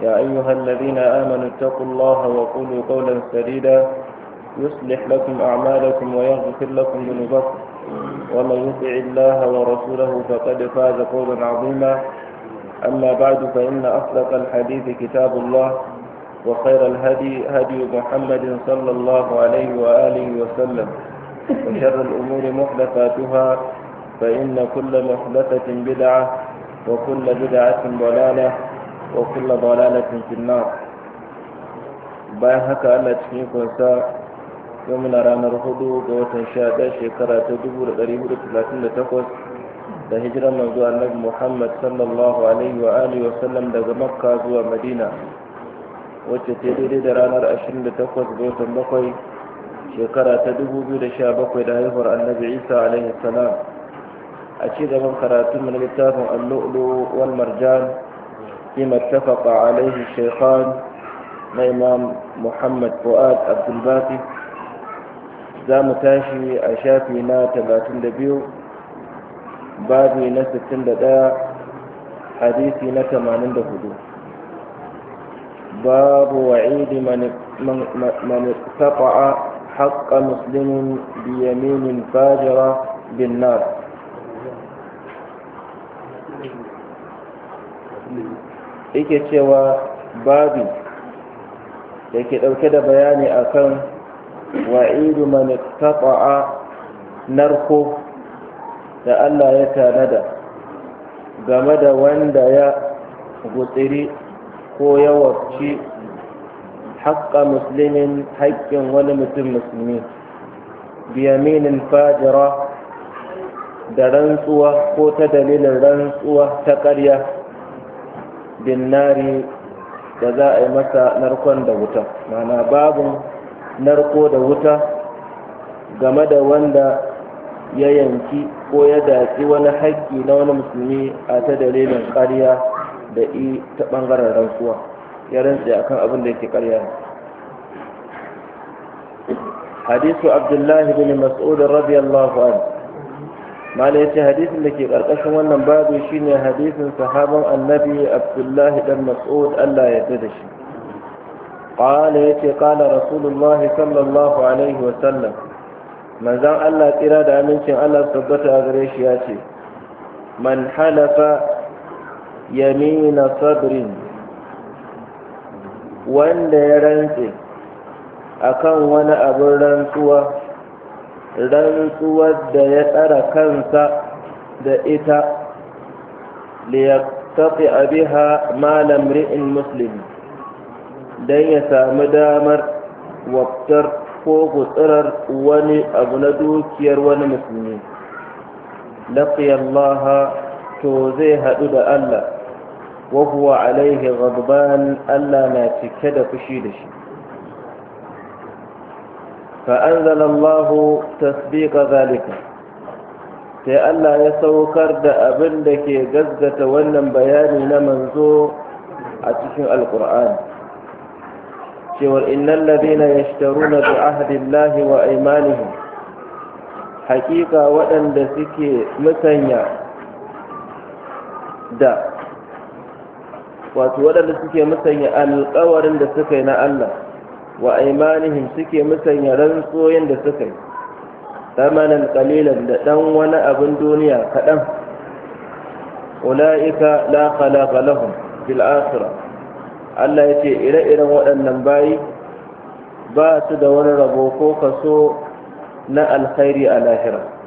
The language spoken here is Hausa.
يا أيها الذين آمنوا اتقوا الله وقولوا قولا سديدا يصلح لكم أعمالكم ويغفر لكم ذنوبكم ومن يطع الله ورسوله فقد فاز قولا عظيما أما بعد فإن أصدق الحديث كتاب الله وخير الهدي هدي محمد صلى الله عليه وآله وسلم وشر الأمور محدثاتها فإن كل محدثة بدعة وكل بدعة ضلالة وكل ضلالة في النار bayan haka Allah cikin kunsa yau muna ranar hudu ga watan sha ɗaya shekara ta dubu da ɗari hudu talatin da takwas da hijirar manzo annabi Muhammad sallallahu alaihi wa alihi wa sallam daga Makka zuwa Madina wacce ta daidai da ranar ashirin da takwas ga watan bakwai shekara ta dubu biyu da bakwai da haihuwar annabi Isa alaihi salam a ci gaban karatun mu na littafin al wal marjan فيما اتفق عليه الشيخان الإمام محمد فؤاد عبد الباقي زام تاشي أشافي نا تلاتين دبيو بابي نا ستين دا حديثي نا تمانين دهدو باب وعيد من من اقتطع حق مسلم بيمين فاجرة بالنار yake cewa babu da ke ɗauke da bayani akan wa'idu man taqa'a narko da Allah ya tanada game da wanda ya gutsiri ko ya wafci haƙƙa musulmin haƙƙin wani mutum musulmi biyaminin fajira da rantsuwa ko ta dalilin rantsuwa ta ƙarya dinari da za a yi masa narkon da wuta mana babu narko da wuta game da wanda ya yanki ko ya daci wani haƙƙi na wani musulmi a ta dalilin ƙarya da i ta ɓangaren rantsuwa ya a kan abin da yake ƙarya hadisu abdullahi bin mas'ud radiyallahu anhu mala yace hadisin da ke karkashin wannan babu shine hadisin sahaban annabi abdullah dan mas'ud Allah ya yarda da shi qala yace qala rasulullah sallallahu alaihi wa sallam manzon Allah tsira da amincin Allah tabbata a gare shi yace man halafa yamina sabrin wanda ya rantse akan wani abin rantsuwa rantsuwar da ya tsara kansa da ita liyaktafi abiha malam ri'in musulmi don ya sami damar waftar ko gutsirar wani abu na dukiyar wani musulmi laqiyallaha to zai haɗu da Allah wa alaihi ghadban Allah na cike da fushi da shi فأنزل الله تسبيق ذلك sai Allah ya saukar da abin da ke gaggata wannan bayani na manzo a cikin alkur'ani cewar innan ladina ya shitaru na ahdillahi wa imanihi hakika waɗanda suke musanya da wato waɗanda suke musanya alkawarin da suka yi na Allah wa aimanihim suke musanya rantsoyin da suka yi samanan kalilan da ɗan wani abin duniya kaɗan ula'ika la khalaqa lahum Allah ya ce ire-iren waɗannan bayi ba su da wani rabo ko kaso na alkhairi a lahira